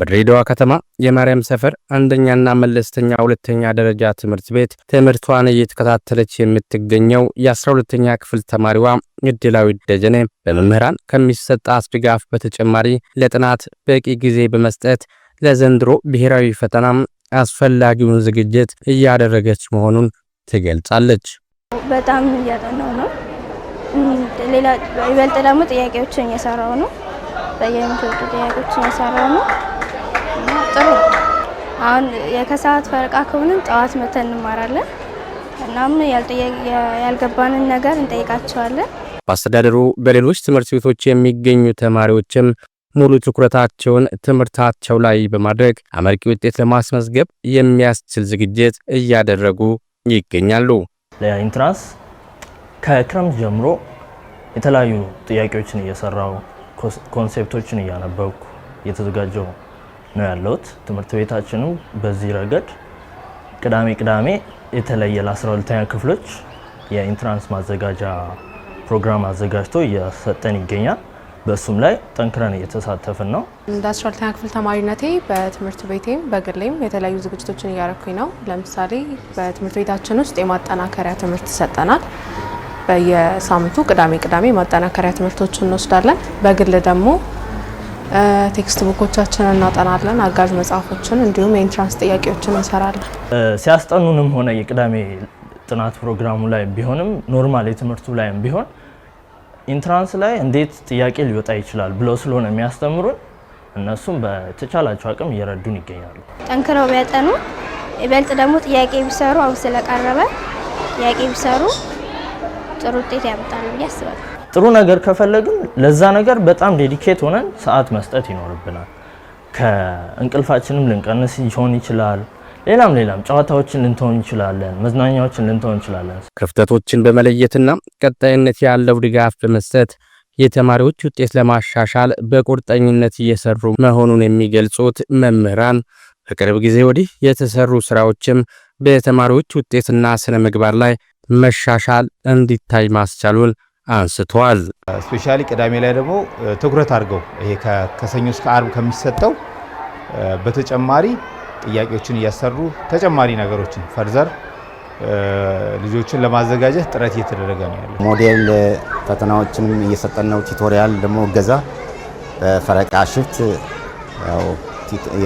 በድሬዳዋ ከተማ የማርያም ሰፈር አንደኛና መለስተኛ ሁለተኛ ደረጃ ትምህርት ቤት ትምህርቷን እየተከታተለች የምትገኘው የ12ተኛ ክፍል ተማሪዋ እድላዊት ደጀኔ በመምህራን ከሚሰጣት ድጋፍ በተጨማሪ ለጥናት በቂ ጊዜ በመስጠት ለዘንድሮ ብሔራዊ ፈተናም አስፈላጊውን ዝግጅት እያደረገች መሆኑን ትገልጻለች። በጣም እያጠናው ነው። ሌላ ይበልጥ ደግሞ ጥያቄዎችን እየሰራው ነው። በየሚሰጡ ጥያቄዎችን እየሰራው ነው። ጥሩ። አሁን የከሰዓት ፈረቃ ከሆነም ጠዋት መተን እንማራለን። እናም ያልገባንን ነገር እንጠይቃቸዋለን። በአስተዳደሩ በሌሎች ትምህርት ቤቶች የሚገኙ ተማሪዎችም ሙሉ ትኩረታቸውን ትምህርታቸው ላይ በማድረግ አመርቂ ውጤት ለማስመዝገብ የሚያስችል ዝግጅት እያደረጉ ይገኛሉ። ለኢንትራንስ ከክረምት ጀምሮ የተለያዩ ጥያቄዎችን እየሰራው ኮንሴፕቶችን እያነበብኩ እየተዘጋጀው ነው ያለሁት። ትምህርት ቤታችንም በዚህ ረገድ ቅዳሜ ቅዳሜ የተለየ ለ12ተኛ ክፍሎች የኢንትራንስ ማዘጋጃ ፕሮግራም አዘጋጅቶ እየሰጠን ይገኛል። በሱም ላይ ጠንክረን እየተሳተፍን ነው። እንደ 12ኛ ክፍል ተማሪነቴ በትምህርት ቤቴም በግሌም የተለያዩ ዝግጅቶችን እያረኩኝ ነው። ለምሳሌ በትምህርት ቤታችን ውስጥ የማጠናከሪያ ትምህርት ይሰጠናል። በየሳምንቱ ቅዳሜ ቅዳሜ ማጠናከሪያ ትምህርቶችን እንወስዳለን። በግል ደግሞ ቴክስት ቡኮቻችን እናጠናለን፣ አጋዥ መጽሐፎችን እንዲሁም የኢንትራንስ ጥያቄዎችን እንሰራለን። ሲያስጠኑንም ሆነ የቅዳሜ ጥናት ፕሮግራሙ ላይ ቢሆንም ኖርማል የትምህርቱ ላይም ቢሆን ኢንትራንስ ላይ እንዴት ጥያቄ ሊወጣ ይችላል ብለው ስለሆነ የሚያስተምሩን እነሱም በተቻላቸው አቅም እየረዱን ይገኛሉ። ጠንክረው ቢያጠኑ ይበልጥ ደግሞ ጥያቄ ቢሰሩ አሁን ስለቀረበ ጥያቄ ቢሰሩ ጥሩ ውጤት ያመጣል ብዬ አስባለሁ። ጥሩ ነገር ከፈለግን ለዛ ነገር በጣም ዴዲኬት ሆነን ሰዓት መስጠት ይኖርብናል። ከእንቅልፋችንም ልንቀንስ ሊሆን ይችላል። ሌላም ሌላም ጨዋታዎችን ልንተውን እንችላለን፣ መዝናኛዎችን ልንተውን እንችላለን። ክፍተቶችን በመለየትና ቀጣይነት ያለው ድጋፍ በመስጠት የተማሪዎች ውጤት ለማሻሻል በቁርጠኝነት እየሰሩ መሆኑን የሚገልጹት መምህራን በቅርብ ጊዜ ወዲህ የተሰሩ ስራዎችም በተማሪዎች ውጤትና ስነ ምግባር ላይ መሻሻል እንዲታይ ማስቻሉን አንስቷል። ስፔሻሊ ቅዳሜ ላይ ደግሞ ትኩረት አድርገው ይሄ ከሰኞ እስከ አርብ ከሚሰጠው በተጨማሪ ጥያቄዎችን እያሰሩ ተጨማሪ ነገሮችን ፈርዘር ልጆችን ለማዘጋጀት ጥረት እየተደረገ ነው ያለ ሞዴል ፈተናዎችንም እየሰጠን ነው። ቲቶሪያል ደግሞ እገዛ በፈረቃ ሽፍት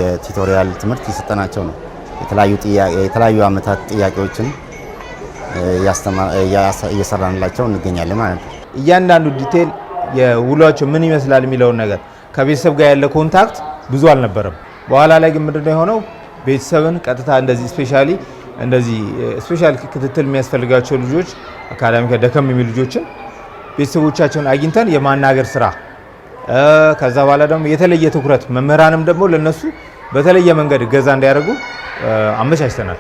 የቲቶሪያል ትምህርት እየሰጠናቸው ነው። የተለያዩ ዓመታት ጥያቄዎችን እየሰራንላቸው እንገኛለን ማለት ነው። እያንዳንዱ ዲቴል የውሏቸው ምን ይመስላል የሚለውን ነገር ከቤተሰብ ጋር ያለ ኮንታክት ብዙ አልነበረም። በኋላ ላይ ግን ምንድነው የሆነው ቤተሰብን ቀጥታ እንደዚህ ስፔሻሊ እንደዚህ ስፔሻል ክትትል የሚያስፈልጋቸው ልጆች አካዳሚ ደከም የሚሉ ልጆችን ቤተሰቦቻቸውን አግኝተን የማናገር ስራ ከዛ በኋላ ደግሞ የተለየ ትኩረት መምህራንም ደግሞ ለነሱ በተለየ መንገድ እገዛ እንዲያደርጉ አመቻችተናል።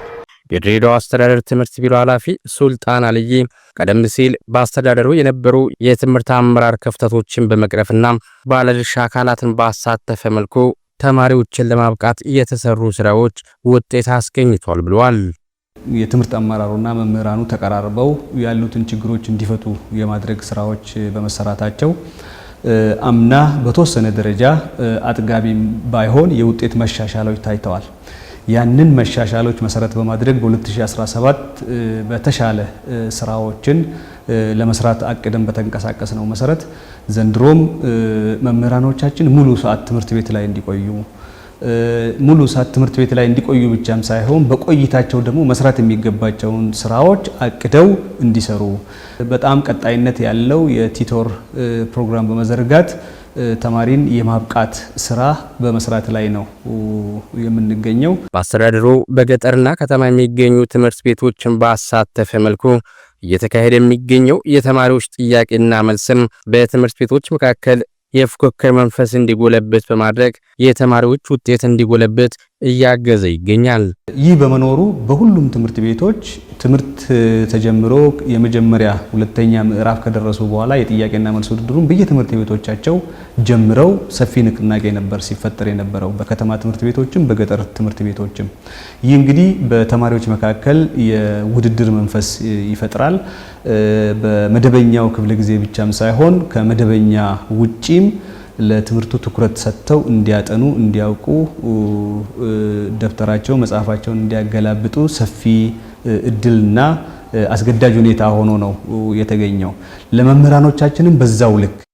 የድሬዳዋ አስተዳደር ትምህርት ቢሮ ኃላፊ ሱልጣን አልይ ቀደም ሲል በአስተዳደሩ የነበሩ የትምህርት አመራር ክፍተቶችን በመቅረፍና ባለድርሻ አካላትን ባሳተፈ መልኩ ተማሪዎችን ለማብቃት የተሰሩ ስራዎች ውጤት አስገኝቷል ብለዋል። የትምህርት አመራሩና መምህራኑ ተቀራርበው ያሉትን ችግሮች እንዲፈቱ የማድረግ ስራዎች በመሰራታቸው አምና በተወሰነ ደረጃ አጥጋቢም ባይሆን የውጤት መሻሻሎች ታይተዋል። ያንን መሻሻሎች መሰረት በማድረግ በ2017 በተሻለ ስራዎችን ለመስራት አቅደን በተንቀሳቀስ ነው መሰረት ዘንድሮም መምህራኖቻችን ሙሉ ሰዓት ትምህርት ቤት ላይ እንዲቆዩ ሙሉ ሰዓት ትምህርት ቤት ላይ እንዲቆዩ ብቻም ሳይሆን በቆይታቸው ደግሞ መስራት የሚገባቸውን ስራዎች አቅደው እንዲሰሩ በጣም ቀጣይነት ያለው የቲቶር ፕሮግራም በመዘርጋት ተማሪን የማብቃት ስራ በመስራት ላይ ነው የምንገኘው። በአስተዳደሩ በገጠርና ከተማ የሚገኙ ትምህርት ቤቶችን ባሳተፈ መልኩ እየተካሄደ የሚገኘው የተማሪዎች ጥያቄና መልስም በትምህርት ቤቶች መካከል የፉክክር መንፈስ እንዲጎለበት በማድረግ የተማሪዎች ውጤት እንዲጎለበት እያገዘ ይገኛል። ይህ በመኖሩ በሁሉም ትምህርት ቤቶች ትምህርት ተጀምሮ የመጀመሪያ ሁለተኛ ምዕራፍ ከደረሱ በኋላ የጥያቄና መልስ ውድድሩን በየትምህርት ቤቶቻቸው ጀምረው ሰፊ ንቅናቄ ነበር ሲፈጠር የነበረው በከተማ ትምህርት ቤቶችም በገጠር ትምህርት ቤቶችም። ይህ እንግዲህ በተማሪዎች መካከል የውድድር መንፈስ ይፈጥራል። በመደበኛው ክፍለ ጊዜ ብቻም ሳይሆን ከመደበኛ ውጪም ለትምህርቱ ትኩረት ሰጥተው እንዲያጠኑ እንዲያውቁ ደብተራቸው መጽሐፋቸውን እንዲያገላብጡ ሰፊ እድልና አስገዳጅ ሁኔታ ሆኖ ነው የተገኘው። ለመምህራኖቻችንም በዛው ልክ